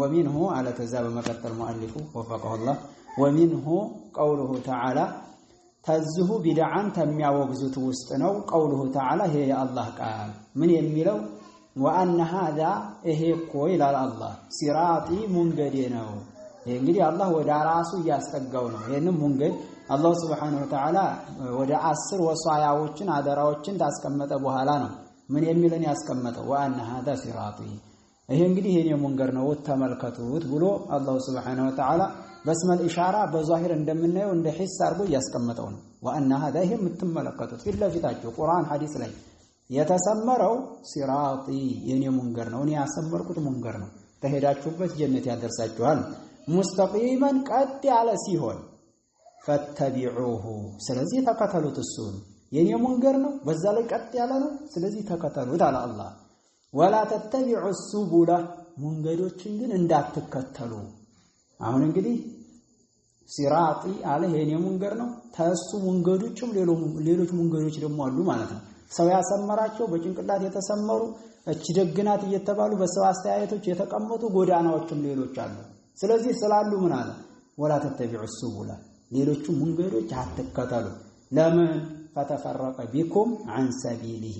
ወሚንሁ አለ። ከዛ በመቀጠል ሙአሊፉ ወፈቀሁላህ ወሚንሁ ቀውሉሁ ተዓላ ተዝሁ ቢድዓን ከሚያወግዙት ውስጥ ነው። ቀውሉሁ ተዓላ ይሄ የአላህ ቃል ምን የሚለው ወአነ ሃዛ ይሄ እኮ ይላል አላህ ሲራጢ ሙንገዴ ነው። ይህ እንግዲህ አላህ ወደ ራሱ እያስጠጋው ነው። ይህንም ሙንገድ አላሁ ስብሓነሁ ወተዓላ ወደ አስር ወሳያዎችን አደራዎችን ታስቀመጠ በኋላ ነው ምን የሚለን ያስቀመጠው ወአነ ሃዛ ሲራጢ ይሄ እንግዲህ የኔ ሙንገር ነው ተመልከቱት ብሎ አላሁ ስብሓነሁ ወተዓላ በስመል ኢሻራ በዛሂር እንደምናየው እንደ ሒስ አድርጎ እያስቀመጠው ነው። ወአና ሀዛ ይሄ የምትመለከቱት ፊት ለፊታቸው ቁርአን ሐዲስ ላይ የተሰመረው ሲራጢ የኔ ሙንገር ነው፣ እኔ ያሰመርኩት ሙንገር ነው፣ ተሄዳችሁበት ጀነት ያደርሳችኋል። ሙስተቂመን ቀጥ ያለ ሲሆን ፈተቢዑሁ፣ ስለዚህ ተከተሉት። እሱን የኔ ሙንገር ነው፣ በዛ ላይ ቀጥ ያለ ነው፣ ስለዚህ ተከተሉት አለ አላህ ወላ ተተቢዑ ሱቡለ መንገዶችን ግን እንዳትከተሉ። አሁን እንግዲህ ሲራጢ አለ የኔ መንገድ ነው። ተሱ መንገዶችም ሌሎች መንገዶች ደግሞ አሉ ማለት ነው። ሰው ያሰመራቸው በጭንቅላት የተሰመሩ እች ደግናት እየተባሉ በሰው አስተያየቶች የተቀመጡ ጎዳናዎችም ሌሎች አሉ። ስለዚህ ስላሉ ምን አለ ወላ ተተቢዑ ሱቡለ ሌሎቹ መንገዶች አትከተሉ። ለምን ፈተፈረቀ ቢኩም አን ሰቢሊሂ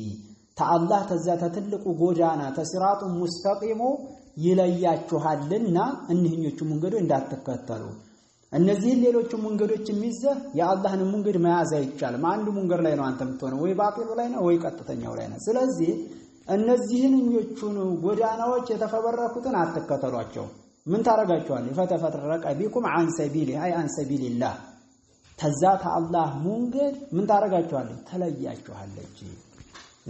ተአላህ ተዛ ተትልቁ ጎዳና ተስራጡ ሙስተቂሙ ይለያችኋልና እኒህኞቹ መንገዶች እንዳትከተሉ። እነዚህን ሌሎቹ መንገዶች የሚይዘህ የአላህን መንገድ መያዝ አይቻልም። አንዱ መንገድ ላይ ነው አንተ የምትሆነው፣ ወይ ባጢሉ ላይ ነው ወይ ቀጥተኛው ላይ ነው። ስለዚህ እነዚህን ጎዳናዎች የተፈበረኩትን አትከተሏቸው። ምን ታረጋቸዋል? ፈተፈረቀ ቢኩም አን ሰቢሊ አይ አን ሰቢልላህ ተዛ ተአላህ መንገድ ምን ታረጋቸዋለች? ተለያችኋለች።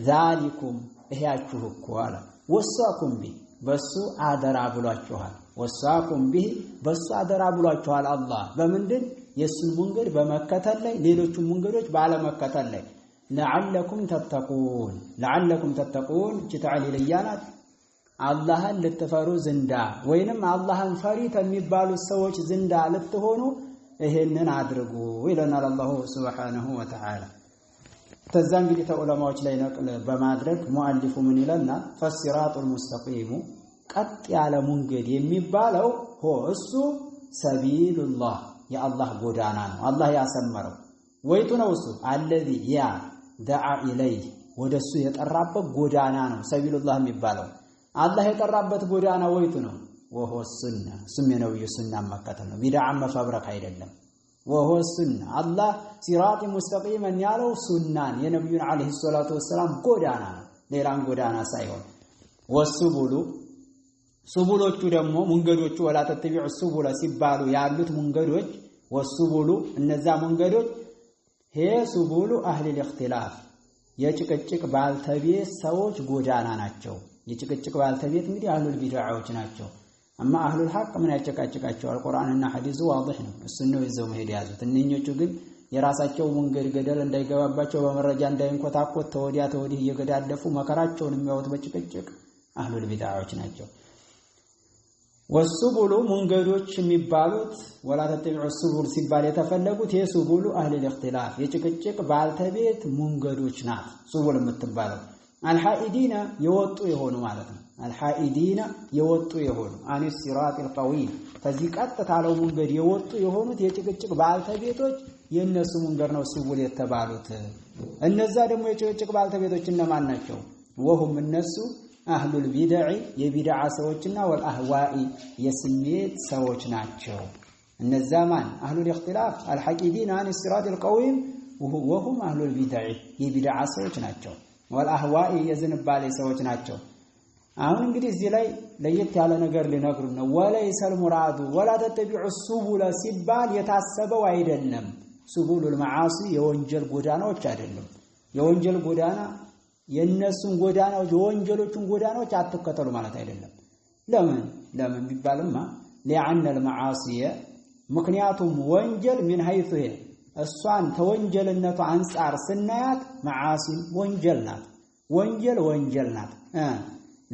ዛሊኩም እህያችሁ እኮ አለ። ወሷኩም ቢህ በሱ አደራ ብሏችኋል። ወሷኩም ቢህ በሱ አደራ ብሏችኋል። አላህ በምንድን የእሱን መንገድ በመከተል ላይ፣ ሌሎቹን መንገዶች ባለመከተል ላይ ለዓለኩም ተተቁን ለዓለኩም ተተቁን እቺ ተዕሊልያ ናት። አላህን ልትፈሩ ዝንዳ ወይንም አላህን ፈሪ ከሚባሉት ሰዎች ዝንዳ ልትሆኑ ይህንን አድርጉ ይለናል አላሁ ሱብሓነሁ ወተዓላ። ከዛ እንግዲህ ከዑለማዎች ላይ ነቅል በማድረግ ሙአሊፉ ምን ይለና ፈሲራጡል ሙስተቂሙ ቀጥ ያለ መንገድ የሚባለው ሆ እሱ ሰቢሉላህ የአላህ ጎዳና ነው፣ አላህ ያሰመረው ወይቱ ነው እሱ አለዚ ያ ደዓ ኢለይ ወደ እሱ የጠራበት ጎዳና ነው። ሰቢሉላህ የሚባለው አላህ የጠራበት ጎዳና ወይቱ ነው። ወሆ ሱና እሱም የነብዩ ሱና መከተል ነው። ቢድዓን መፈብረክ አይደለም። ወሆ ሱና አላህ ሲራጥ ሙስተቂመን ያለው ሱናን የነቢዩን ዓለይሂ ሰላቱ ወሰላም ጎዳና ነው፣ ሌላን ጎዳና ሳይሆን። ወሱቡሉ ሱቡሎቹ ደግሞ መንገዶቹ ወላ ተትቢዑ ሱቡለ ሲባሉ ያሉት መንገዶች ወሱቡሉ እነዛ መንገዶች ሄ ሱቡሉ አህሊል ኢኽቲላፍ የጭቅጭቅ ባልተቤት ሰዎች ጎዳና ናቸው። የጭቅጭቅ ባልተቤት እንግዲህ አህሉል ቢድዓዎች ናቸው። አማ አህሉል ሐቅ ምን ያጨቃጭቃቸዋል? ቁርአንና ሐዲሱ ዋድሕ ነው። እሱን ነው ይዘው መሄድ የያዙት። እነኞቹ ግን የራሳቸው መንገድ ገደል እንዳይገባባቸው በመረጃ እንዳይንኮታኮት ተወዲያ ተወዲህ እየገዳለፉ መከራቸውን የሚያወት በጭቅጭቅ አህሉል ቢድዓዎች ናቸው። ወሱቡሉ መንገዶች የሚባሉት ወላ ተጠቢዑ ሱቡል ሲባል የተፈለጉት የሱቡሉ አህሉል ኢኽቲላፍ የጭቅጭቅ ባልተቤት መንገዶች ናት ሱቡል የምትባለው አልሐኢዲና የወጡ የሆኑ ማለት ነው። አልሐኢዲና የወጡ የሆኑ አን ሲራጥ ልቀዊም ከዚህ ቀጥ ታለው መንገድ የወጡ የሆኑት የጭቅጭቅ ባልተቤቶች የእነሱ መንገድ ነው ስውል የተባሉት። እነዛ ደግሞ የጭቅጭቅ ባልተቤቶች እነማን ናቸው? ወሁም እነሱ አህሉል ቢድዕ የቢድዓ ሰዎችና ወልአህዋኢ የስሜት ሰዎች ናቸው። እነዛ ማን አህሉል ኢኽቲላፍ አልሐቂዲን አን ሲራጥ ልቀዊም ወሁም አህሉል ቢድዕ የቢድዓ ሰዎች ናቸው። ወልአህዋኢ የዝንባሌ ሰዎች ናቸው። አሁን እንግዲህ እዚህ ላይ ለየት ያለ ነገር ሊነግሩ ነው። ወለይሰል ሙራዱ ወላ ተተቢዑ ሱቡለ ሲባል የታሰበው አይደለም። ሱቡሉል መዓሲ የወንጀል ጎዳናዎች አይደለም። የወንጀል ጎዳና የነሱን ጎዳናዎች የወንጀሎቹን ጎዳናዎች አትከተሉ ማለት አይደለም። ለምን ለምን ቢባልማ ሊአነል መዓሲየ ምክንያቱም ወንጀል ሚን ሀይቱ እሷን ተወንጀልነቱ አንጻር ስናያት መዓሲም ወንጀል ናት። ወንጀል ወንጀል ናት።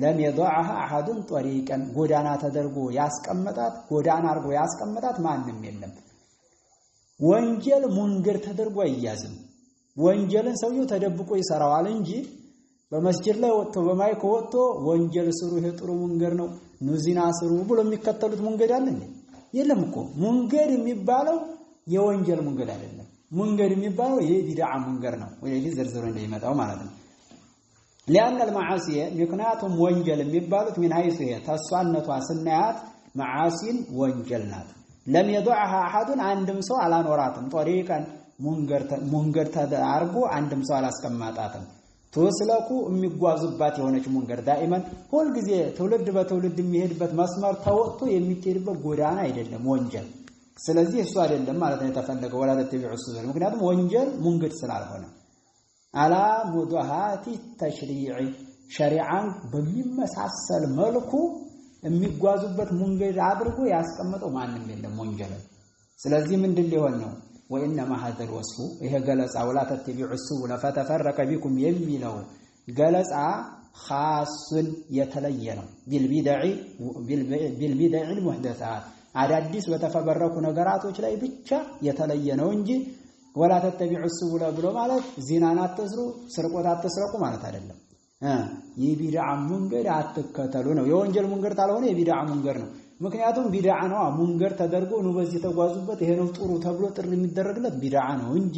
ለም የዶዓሃ አሐዱን ጦሪቀን ጎዳና ተደርጎ ያስቀመጣት ጎዳና አድርጎ ያስቀመጣት ማንም የለም። ወንጀል ሙንገድ ተደርጎ አይያዝም። ወንጀልን ሰውየው ተደብቆ ይሰራዋል እንጂ በመስጅድ ላይ ወጥቶ በማይክ ወጥቶ ወንጀል ስሩ፣ ይሄ ጥሩ መንገድ ነው፣ ኑዚና ስሩ ብሎ የሚከተሉት ሙንገድ አለ እንዴ? የለም እኮ የሚባለው የወንጀል ሙንገድ አይደለም። ሙንገድ የሚባለው የቢድዓ መንገድ ነው። ወይ ዘርዝሮ እንደሚመጣው ማለት ነው። ሊያነል መዓሲየ ምክንያቱም ወንጀል የሚባሉት ሚን ሀይሱ ተሷነቷ ስናያት መዓሲን ወንጀል ናት። ለም የዱዓሃ አሐዱን አንድም ሰው አላኖራትም። ጦሪቀን ሙንገድ ተአርጎ አንድም ሰው አላስቀማጣትም። ትስለኩ የሚጓዙባት የሆነች ሙንገድ ዳኢመን ሁልጊዜ ትውልድ በትውልድ የሚሄድበት መስመር ተወጥቶ የሚኬድበት ጎዳና አይደለም ወንጀል። ስለዚህ እሱ አይደለም ማለት ነው የተፈለገው ወላ ተተቢዑ ሱብል ምክንያቱም ወንጀል ሙንገድ ስላልሆነ አላ ሙዱሃቲ ተሽሪዕ ሸሪዓን በሚመሳሰል መልኩ የሚጓዙበት መንገድ አድርጎ ያስቀመጠው ማንም የለም ወንጀልን። ስለዚህ ምንድን ሊሆን ነው? ወኢነማ ሀዘል ወስፉ ይሄ ገለጻ ወላ ተትቢዑ ሱቡለ ፈተፈረቀ ቢኩም የሚለው ገለጻ ካሱን የተለየ ነው። ቢልቢደዒ ልሙሕደሳት አዳዲስ በተፈበረኩ ነገራቶች ላይ ብቻ የተለየ ነው እንጂ ወላ ተተቢዑ ስቡለ ብሎ ማለት ዚናን አትስሩ፣ ስርቆት አትስረቁ ማለት አይደለም። የቢድዓ መንገድ አትከተሉ ነው። የወንጀል ሙንገድ ካልሆነ የቢድዓ ሙንገድ ነው። ምክንያቱም ቢድዓ ነው ሙንገድ ተደርጎ ኑ በዚህ ተጓዙበት ይሄ ነው ጥሩ ተብሎ ጥሪ የሚደረግለት ቢድዓ ነው እንጂ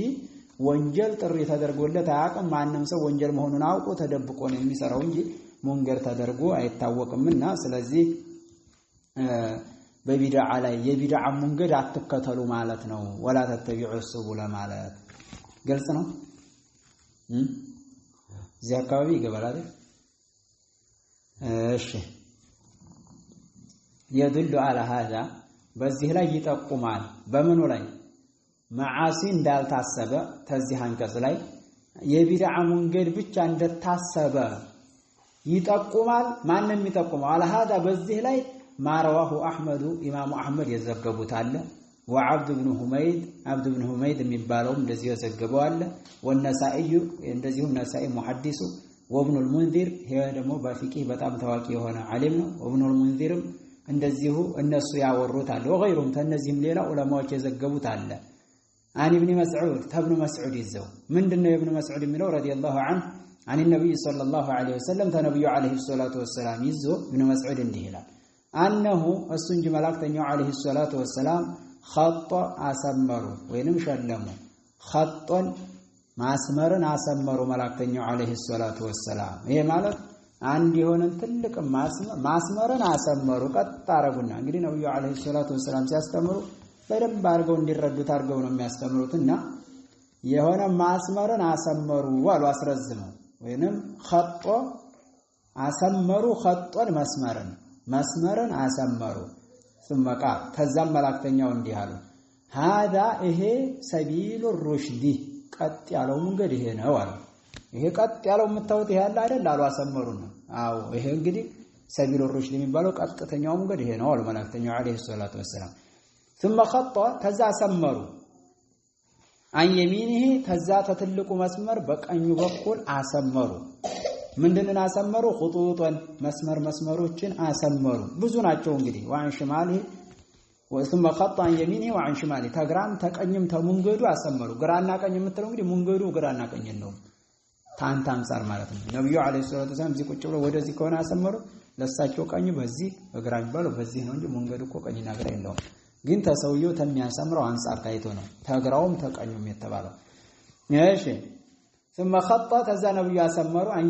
ወንጀል ጥሪ ተደርጎለት አያውቅም። ማንም ሰው ወንጀል መሆኑን አውቆ ተደብቆ ነው የሚሰራው እንጂ ሙንገድ ተደርጎ አይታወቅምና ስለዚህ በቢድዓ ላይ የቢድዓ መንገድ አትከተሉ ማለት ነው። ወላ ተተቢዑ ሱቡለ ማለት ግልጽ ነው። እዚህ አካባቢ ይገባል አይደል? እሺ የድሉ አለ ሀዛ በዚህ ላይ ይጠቁማል። በምኑ ላይ መዓሲ እንዳልታሰበ ተዚህ አንቀጽ ላይ የቢድዓ መንገድ ብቻ እንደታሰበ ይጠቁማል። ማንም ይጠቁማል። አለ ሀዛ በዚህ ላይ ما رواه አሕመዱ ኢማሙ አሕመድ የዘገቡት አለ። ወዐብዱ ብኑ ሁመይድ አብዱ ብኑ ሁመይድ የሚባለውም እንደዚሁ የዘገበው አለ። ወነሳኢዩ እንደዚሁም ነሳኢ ሙሐዲሱ ወብኑል ሙንዚር ይሄ ደግሞ በፊቂህ በጣም ታዋቂ የሆነ ዓሊም ነው። ወብኑል ሙንዚርም እንደዚሁ እነሱ ያወሩት አለ። ወገይሩም ከእነዚህም ሌላ ዑለማዎች የዘገቡት አለ። አን ብኒ መስዑድ ተብኑ መስዑድ ይዘው ምንድነው የብኑ መስዑድ የሚለው ረዲየላሁ ዐንሁ አን ነቢይ ሰለላሁ ዐለይሂ ወሰለም ተነቢዩ ዐለይሂ ሰላቱ ወሰላም ይዞ ብኑ መስዑድ እንዲህ ይላል አነሁ እሱ እንጂ መላእክተኛው ዓለይሂ ሰላቱ ወሰላም ኸጦ አሰመሩ ወይንም ሸለሙ። ኸጦን ማስመርን አሰመሩ መላእክተኛው ዓለይሂ ሰላቱ ወሰላም። ይሄ ማለት አንድ የሆነን ትልቅ ማስመርን አሰመሩ፣ ቀጥ አረጉና እንግዲህ ነብዩ ዓለይሂ ሰላቱ ወሰላም ሲያስተምሩ በደንብ አድርገው እንዲረዱት አድርገው ነው የሚያስተምሩትና የሆነ ማስመርን አሰመሩ አሉ። አስረዝመው ወይንም ኸጦ አሰመሩ ኸጦን መስመርን መስመርን አሰመሩ። ሱመቃ ከዛም መላእክተኛው እንዲህ አሉ፣ ሃዳ ይሄ ሰቢሉ ሩሽዲ ቀጥ ያለው መንገድ ይሄ ነው አሉ። ይሄ ቀጥ ያለው የምታዩት ይሄ አለ አይደል አሉ። አሰመሩ ነው። አዎ ይሄ እንግዲህ ሰቢሉ ሩሽድ የሚባለው ቀጥተኛው መንገድ ይሄ ነው አሉ መላእክተኛው ዓለይሂ ሰላቱ ወሰላም። ثم خط ከዛ አሰመሩ አን የሚኒሂ ከዛ ተትልቁ መስመር በቀኙ በኩል አሰመሩ ምንድንን አሰመሩ? ኹጡጦን መስመር መስመሮችን አሰመሩ። ብዙ ናቸው እንግዲህ ወአን ሽማሊ ወስመ ከጣ የሚኒ ወአን ሽማሊ ተግራም ተቀኝም ተመንገዱ አሰመሩ። ግራና ቀኝ የምትለው እንግዲህ መንገዱ ግራና ቀኝ ነው። ታንታም አንጻር ማለት ነው። ነብዩ አለይሂ ሰላቱ ወሰለም እዚህ ቁጭ ብሎ ወደዚህ ከሆነ አሰመሩ ለሳቸው ቀኝ በዚህ በግራ የሚባለው በዚህ ነው እንጂ መንገዱ እኮ ቀኝና ግራ የለውም። ግን ተሰውየው ተሚያሰምረው አንጻር ታይቶ ነው ተግራውም ተቀኙም የተባለው። እሺ ثم خط ከዛ ነብዩ አሰመሩ አን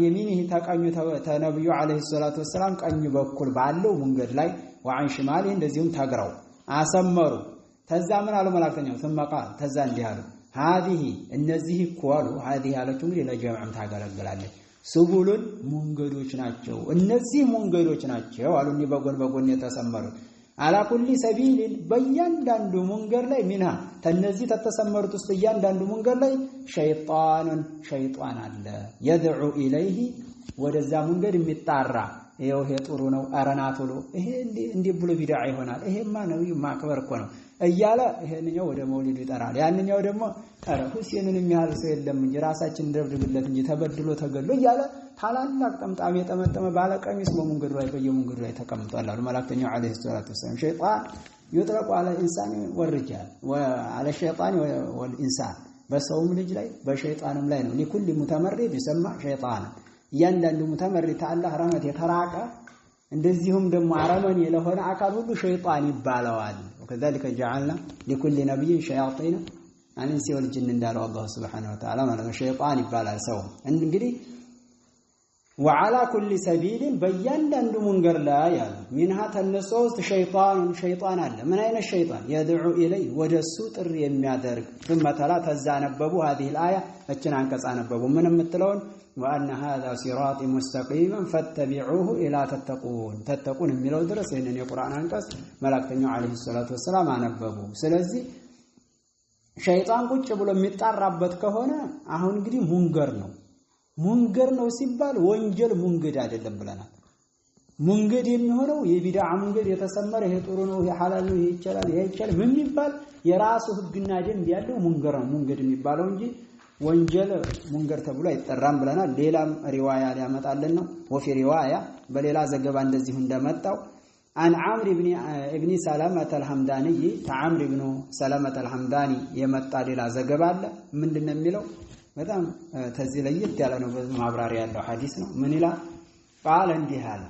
ተቀኙ ተነብዩ አለይሂ ሰላቱ ወሰላም ቀኝ በኩል ባለው መንገድ ላይ ወአን ሽማሊ እንደዚሁም ተግራው አሰመሩ። ተዛ ምን አሉ መላእክተኛው ثم قال ተዛ እንዲህ አሉ هذه እነዚህ እኮ አሉ هذه ያለችው እንግዲህ ለጀምዕም ታገለግላለች። ስቡሉን መንገዶች ናቸው፣ እነዚህ መንገዶች ናቸው አሉ እኒህ በጎን በጎን የተሰመሩት አላኩሊ ሰቢልን በእያንዳንዱ መንገድ ላይ ሚንሃ ከነዚህ ተተሰመሩት ውስጥ እያንዳንዱ መንገድ ላይ ሸይጣኑን ሸይጣን አለ የድዑ ኢለይህ ወደዛ መንገድ የሚጣራ ይኸው ይሄ ጥሩ ነው፣ አረና ቶሎ ይሄ እንዲህ ብሎ ቢድዓ ይሆናል። ይሄማ ነብዩ ማክበር እኮ ነው እያለ ይሄንኛው ወደ መውሊድ ይጠራል። ያንኛው ደግሞ ኧረ ሁሴንን የሚያህል ሰው የለም እንጂ ራሳችን እንደብድብለት እንጂ ተበድሎ ተገሎ እያለ ታላላቅ ጠምጣሚ የጠመጠመ ባለቀሚስ በመንገዱ ላይ በየመንገዱ ላይ ተቀምጧል አሉ መላእክተኛው ዓለይሂ ሰላቱ ወሰላም። ሸይጣን ይጥለቁ አለ ኢንሳን ወርጃል አለ ሸይጣን ወልኢንሳን በሰውም ልጅ ላይ በሸይጣንም ላይ ነው ሊኩል ሙተመሪ ቢሰማ ሸይጣን እያንዳንዱ ሙተመሪት አላህ ረመት የተራቀ እንደዚሁም ደግሞ አረመኔ ለሆነ አካል ሁሉ ሸይጣን ይባለዋል። ወከዛሊከ ጀዐልና ሊኩሊ ነቢይን ሸያጢነ አን ኢንሲ ወል ጅን እንዳለው አላህ ሱብሓነሁ ወተዓላ ማለት ነው። ሸይጣን ይባላል ሰው እንግዲህ ወዓላ ኩሊ ሰቢልን በእያንዳንዱ ሙንገድ ላይ አሉ። ሚንሃ ተነሶ ውስጥ ሸይጣን ሸይጣን አለ። ምን አይነት ሸይጣን? የድዑ ኢለይ ወደሱ ጥሪ የሚያደርግ መተላ ተዛ ነበቡ ሀዚህል አያ እችን አንቀጽ አነበቡ ምን የምትለውን ወአነ ሃዛ ሲራጢ ሙስተቂመን ፈተቢዑሁ ኢላ ተተቁን ተተቁን የሚለው ድረስ ይህንን የቁርአን አንቀጽ መላእክተኛው ዓለይሂ ሰላቱ ወሰላም አነበቡ። ስለዚህ ሸይጣን ቁጭ ብሎ የሚጣራበት ከሆነ አሁን እንግዲህ ሙንገር ነው ሙንገር ነው ሲባል ወንጀል ሙንገድ አይደለም ብለናል። ሙንገድ የሚሆነው የቢድዓ ሙንገድ የተሰመረ ይሄ ጥሩ ነው፣ ይሄ ሐላል ነው፣ ይሄ ይቻላል፣ ይሄ አይቻልም የሚባል የራሱ ሕግና ደንብ ያለው ሙንገር ነው ሙንገድ የሚባለው እንጂ ወንጀል ሙንገር ተብሎ አይጠራም ብለናል። ሌላም ሪዋያ ሊያመጣልን ነው። ወፊ ሪዋያ በሌላ ዘገባ እንደዚሁ እንደመጣው አን ዓምር እብኒ ሰላመት አልሐምዳንይ ተዓምር ብኑ ሰላመት አልሐምዳኒ የመጣ ሌላ ዘገባ አለ። ምንድን ነው የሚለው? በጣም ተዚህ ለየት ያለ ነው። ማብራሪያ ያለው ሐዲስ ነው። ምን ይላል? ቃል እንዲህ አለ።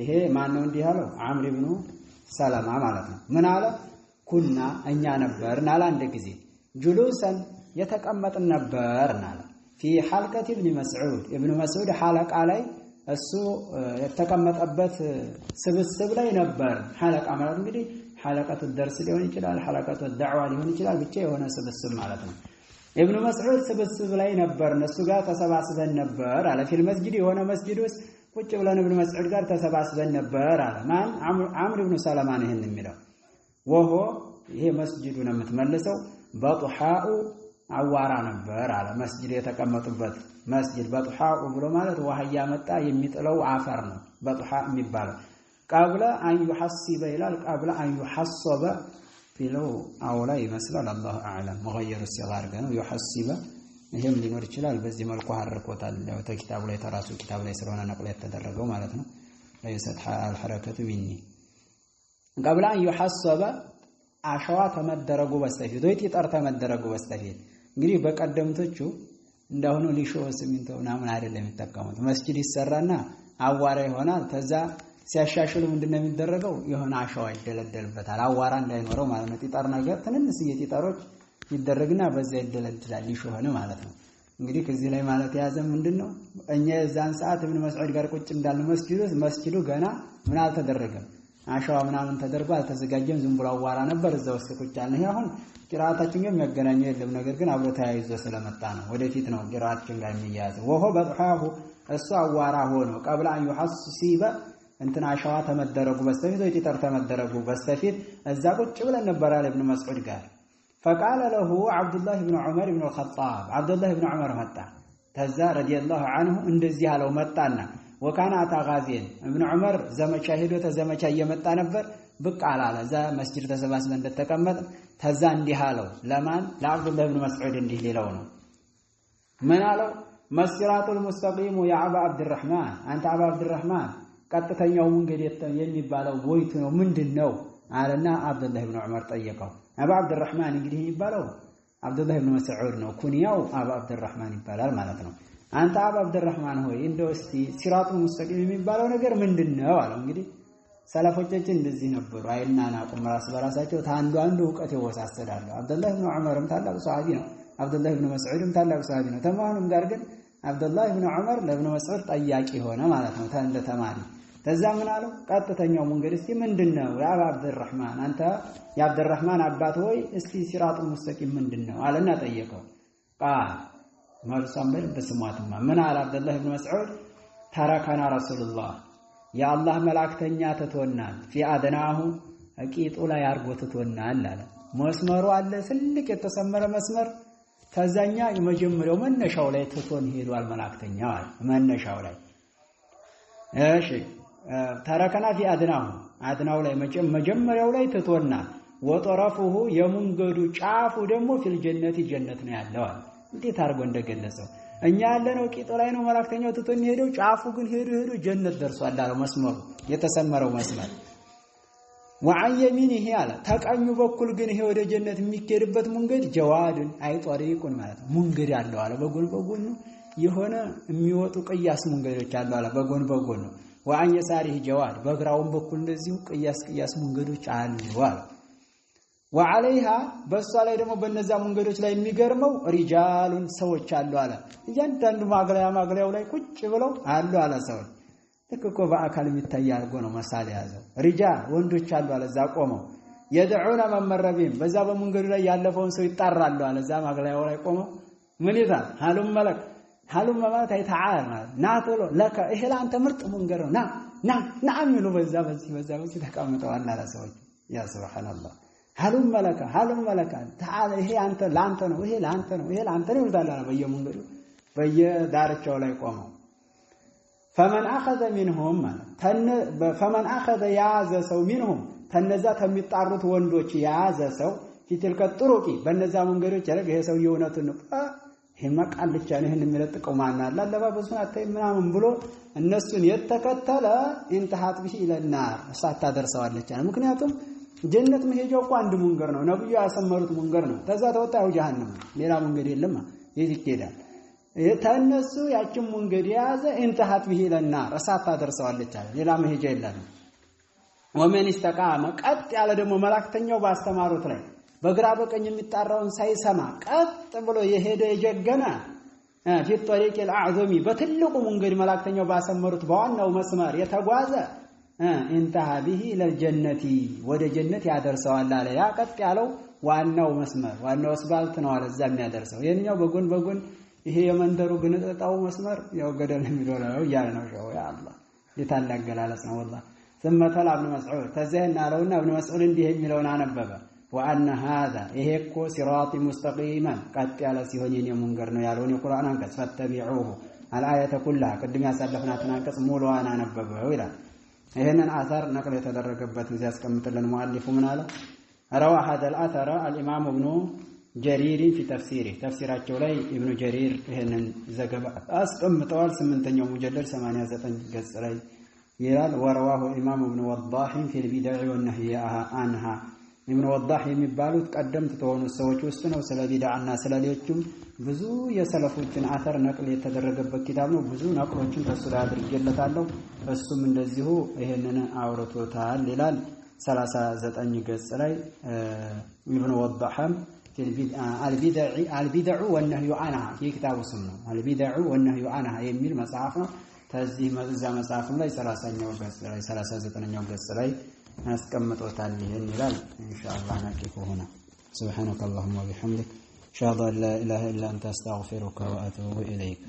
ይሄ ማን ነው እንዲህ አለው? አምር ብኑ ሰለማ ማለት ነው። ምን አለ? ኩና እኛ ነበርን አለ። አንድ ጊዜ ጁሉሰን የተቀመጥን ነበር አለ። ፊ ሐልቀት እብኒ መስዑድ እብኑ መስዑድ ሐለቃ ላይ እሱ የተቀመጠበት ስብስብ ላይ ነበር። ሐለቃ ማለት እንግዲህ ሐለቀቱ ደርስ ሊሆን ይችላል፣ ሐለቀቱ ዳዕዋ ሊሆን ይችላል። ብቻ የሆነ ስብስብ ማለት ነው። ኢብኑ መስዑድ ስብስብ ላይ ነበር፣ እነሱ ጋር ተሰባስበን ነበር አለ። ፊል መስጊድ የሆነ መስጊድ ውስጥ ቁጭ ብለን እብኑ መስዑድ ጋር ተሰባስበን ነበር አለ። ማን? አምር ብኑ ሰለማ ይህን የሚለው። ወሆ ይሄ መስጅዱ ነው የምትመልሰው። በጡሓኡ አዋራ ነበር አለ። መስጅድ የተቀመጡበት መስጅድ በጡሓኡ ብሎ ማለት ውሃ እያመጣ የሚጥለው አፈር ነው በጡሓ የሚባለው። ቀብለ አንዩሐሲበ ይላል። ቀብለ አንዩሐሶበ ፊለው አውላ ይመስላል። አላሁ አዕለም መገየሩ ሲጋር አድርገ ነው የሐሲበ ይህም ሊኖር ይችላል። በዚህ መልኩ ያው ተኪታቡ ላይ ተራሱ ኪታቡ ላይ ስለሆነ ነቅል የተደረገው ማለት ነው። ለይሰት አልሐረከቱ ሚኒ ቀብላ ዩሐሰበ አሸዋ ተመደረጉ በስተፊት ወይ ጢጠር ተመደረጉ በስተፊት እንግዲህ በቀደምቶቹ እንዳሁኑ ሊሾ ሲሚንቶ ምናምን አይደለም የሚጠቀሙት መስጂድ ይሰራና አዋራ ይሆናል። ከዛ ሲያሻሽሉ ምንድነው የሚደረገው? የሆነ አሸዋ ይደለደልበታል፣ አዋራ እንዳይኖረው ማለት ነው። ጢጠር ነገር ትንንስ ጢጠሮች ይደረግና በዛ ይደለድላል፣ ይሾሆን ማለት ነው። እንግዲህ ከዚህ ላይ ማለት የያዘ ምንድን ነው? እኛ የዛን ሰዓት ኢብኑ መስዑድ ጋር ቁጭ እንዳልን መስጂዱ መስጂዱ ገና ምን አልተደረገም፣ አሸዋ ምናምን ተደርጎ አልተዘጋጀም። ዝም ብሎ አዋራ ነበር፣ እዛ ውስጥ ቁጭ ያለ። ይሄ አሁን ቂራአታችን ጋር የሚያገናኘው የለም፣ ነገር ግን አብሮ ተያይዞ ስለመጣ ነው። ወደፊት ነው ቂራአታችን ጋር የሚያያዘው። ወሆ በጥሐሁ እሱ አዋራ ሆኖ ቀብለ አን ዩሐስሲበ እንትን አሸዋ ተመደረጉ በስተፊት ወይ ጢጠር ተመደረጉ በስተፊት እዛ ቁጭ ብለን ነበር አለ ኢብኑ መስዑድ ጋር ፈቃለ ለሁ አብዱላህ ብን ዑመር ብን ልኸጣብ አብዱላህ ብን ዑመር መጣ ከዛ ረዲየላሁ አንሁ እንደዚህ አለው መጣና ወካና አታ ጋዜን እብን ዑመር ዘመቻ ሄዶ ተዘመቻ እየመጣ ነበር ብቅ አላለ እዛ መስጅድ ተሰባስበ እንደተቀመጥ ተዛ እንዲህ አለው ለማን ለአብዱላህ ብን መስዑድ እንዲህ ሊለው ነው ምን አለው መስራቱል ሙስተቂሙ የአባ አብድራህማን አንተ አባ አብድራህማን ቀጥተኛው መንገድ የሚባለው ወይት ነው ምንድን ነው አለና አብዱላህ ብን ዑመር ጠየቀው። አባ አብድራህማን እንግዲህ የሚባለው አብዱላህ ብን መስዑድ ነው። ኩንያው አባ አብድራህማን ይባላል ማለት ነው። አንተ አባ አብድራህማን ሆይ እንደው ሲራጡ ሲራጡል ሙስተቂም የሚባለው ነገር ምንድን ነው አለው። እንግዲህ ሰለፎቻችን እንደዚህ ነበሩ፣ አይናናቁም። ራስ በራሳቸው ታንዱ አንዱ እውቀት ይወሳሰዳሉ። አብዱላህ ብን ዑመርም ታላቅ ሰሃቢ ነው። አብዱላህ ብን መስዑድም ታላቅ ሰሃቢ ነው። ተማሁንም ጋር ግን አብዱላህ ብን ዑመር ለብን መስዑድ ጠያቂ ሆነ ማለት ነው እንደ ተማሪ ከዛ ምን አለው? ቀጥተኛው መንገድ እስቲ ምንድን ነው ያ አብደራህማን፣ አንተ የአብደራህማን አባት ሆይ እስቲ ሲራጡ ሙስተቂም ምንድን ነው አለና ጠየቀው። ቃል መልሷ ምን በስሟትማ ምን አለ አብደላህ ብን መስዑድ ተረከና ረሱሉላህ የአላህ መላእክተኛ ትቶናል፣ ፊ አድናሁ ቂጡ ላይ አርጎ ትቶናል አለ። መስመሩ አለ ትልቅ የተሰመረ መስመር ከዛኛ የመጀመሪያው መነሻው ላይ ትቶን ሄዷል መላእክተኛው አለ መነሻው ላይ እሺ ተረከና ፊ አድናሁ አድናው ላይ መጀመሪያው ላይ ትቶናል። ወጠረፉሁ የመንገዱ ጫፉ ደግሞ ፊል ጀነት ጀነት ነው ያለዋል። እንዴት አድርጎ እንደገለጸው እኛ ያለነው ቂጦ ላይ ነው መላክተኛው ትቶን የሄደው ጫፉ ግን ሄዶ ሄዶ ጀነት ደርሷል አለ መስመሩ የተሰመረው መስመር ወዐን የሚኒሂ አለ ተቀኙ በኩል ግን ይሄ ወደ ጀነት የሚኬድበት መንገድ ጀዋድን አይጦሪቁን ማለት መንገድ አለው አለ በጎን በጎኑ የሆነ የሚወጡ ቅያስ መንገዶች አለው አለ በጎን በጎኑ ወአን የሳሪህ ጀዋድ በግራውን በኩል እንደዚሁ ቅያስ ቅያስ መንገዶች አሉ አለ። ወዓለይሃ በእሷ ላይ ደግሞ በነዛ መንገዶች ላይ የሚገርመው ሪጃሉን ሰዎች አሉ አለ። እያንዳንዱ ማግለያ ማግለያው ላይ ቁጭ ብለው አሉ አለ። ሰውን ልክ እኮ በአካል የሚታይ አድርጎ ነው መሳል የያዘው። ሪጃል ወንዶች አሉ አለ። እዛ ቆመው የድዑነ መመረቢም በዛ በመንገዱ ላይ ያለፈውን ሰው ይጣራሉ አለ። እዛ ማግለያው ላይ ቆመው ምን ይታል አሉም መለክ ሀሉማ ማለት አይተዓር ማለት ና ቶሎ ለከ ይሄ ለአንተ ምርጥ መንገድ ነው ና ና ና የሚሉ በዛ በዚህ በዛ በዚህ ተቀምጠዋል አላ ሰዎች። ያ ሱብሃንአላህ ሀሉማ ለከ ሀሉማ ለከ ተዓር ይሄ አንተ ለአንተ ነው ይሄ ለአንተ ነው ይሄ ለአንተ ነው ይሉታል አላ በየመንገዱ በየዳርቻው ላይ ቆመው ፈመን አኸዘ ሚንሁም ማለት ፈመን አኸዘ የያዘ ሰው ሚንሁም ተነዛ ከሚጣሩት ወንዶች የያዘ ሰው ፊትልከ ጥሩቂ በነዛ መንገዶች ያደረግ ይሄ ሰውዬ እውነቱን ነው ይሄማ ቃል ብቻ ነው ይሄን የሚለጥቀው ማን አለ አለባበሱን አታይ ምናምን ብሎ እነሱን የተከተለ ኢንተሃት ቢሂ ኢለናር እሳት ደርሰዋለች አለ። ምክንያቱም ጀነት መሄጃው እኮ አንድ መንገድ ነው፣ ነብዩ ያሰመሩት መንገድ ነው። ተዛ ተወጣ ያው ጀሃነም ሌላ መንገድ የለም። የት ይኬዳል? ተነሱ ያችን መንገድ የያዘ ኢንተሃት ቢሂ ኢለናር እሳት ደርሰዋለች አለ። ሌላ መሄጃ የለም። ወመን ኢስተቃመ ቀጥ ያለ ደግሞ መላክተኛው ባስተማሩት ላይ በግራ በቀኝ የሚጣራውን ሳይሰማ ቀጥ ብሎ የሄደ የጀገነ ፊት ጠሪቅ ልአዕዞሚ በትልቁ መንገድ መላእክተኛው ባሰመሩት በዋናው መስመር የተጓዘ ኢንተሃ ብሂ ለልጀነቲ ወደ ጀነት ያደርሰዋል አለ። ያ ቀጥ ያለው ዋናው መስመር ዋናው አስፋልት ነው አለ እዛ የሚያደርሰው። ይህኛው በጎን በጎን ይሄ የመንደሩ ግንጥጣው መስመር ያው ገደል የሚዶለው እያለ ነው። ሸው ያአላ የታለ አገላለጽ ነው ወላ ስመተል አብን መስዑድ ተዚህና አለውና አብን መስዑድ እንዲህ የሚለውን አነበበ وأن هذا إهكو صراط مستقيما قد قال سيهوني نيومون قرنو يالون القرآن أنكس فاتبعوه الآية كلها قد دمي أسأل لفنا تنكس مولو أنا نببه ويلا إهن الآثار نقل يتدرق بات مزياس كمتل المؤلف من هذا روى هذا الآثار الإمام ابن جرير في تفسيره تفسير أتولي ابن جرير إهن زقب أسكم طوال سمنتن يوم مجدر سمانية زتن قصري يلال ورواه الإمام ابن وضاح في البدع والنهي عنها ኢብኑ ወዳህ የሚባሉት ቀደምት ከሆኑት ሰዎች ውስጥ ነው። ስለ ቢድዓና ስለ ሌሎችም ብዙ የሰለፎችን አተር ነቅል የተደረገበት ኪታብ ነው። ብዙ ነቅሎችን ከእሱ ላይ አድርጌለታለሁ። እሱም እንደዚሁ ይህንን አውርቶታል ይላል። 39 ገጽ ላይ ኢብኑ ወዳህም አልቢደዑ ወነህዩ አንሃ የኪታቡ ስም ነው። አልቢደዑ ወነህዩ አንሃ የሚል መጽሐፍ ነው። ከዚህ እዚያ መጽሐፍም ላይ 39ኛው ገጽ ላይ 39ኛው ገጽ ላይ አስቀምጦታል። إن شاء الله نكفو هنا سبحانك اللهم وبحمدك أشهد أن لا إله إلا أنت أستغفرك وأتوب إليك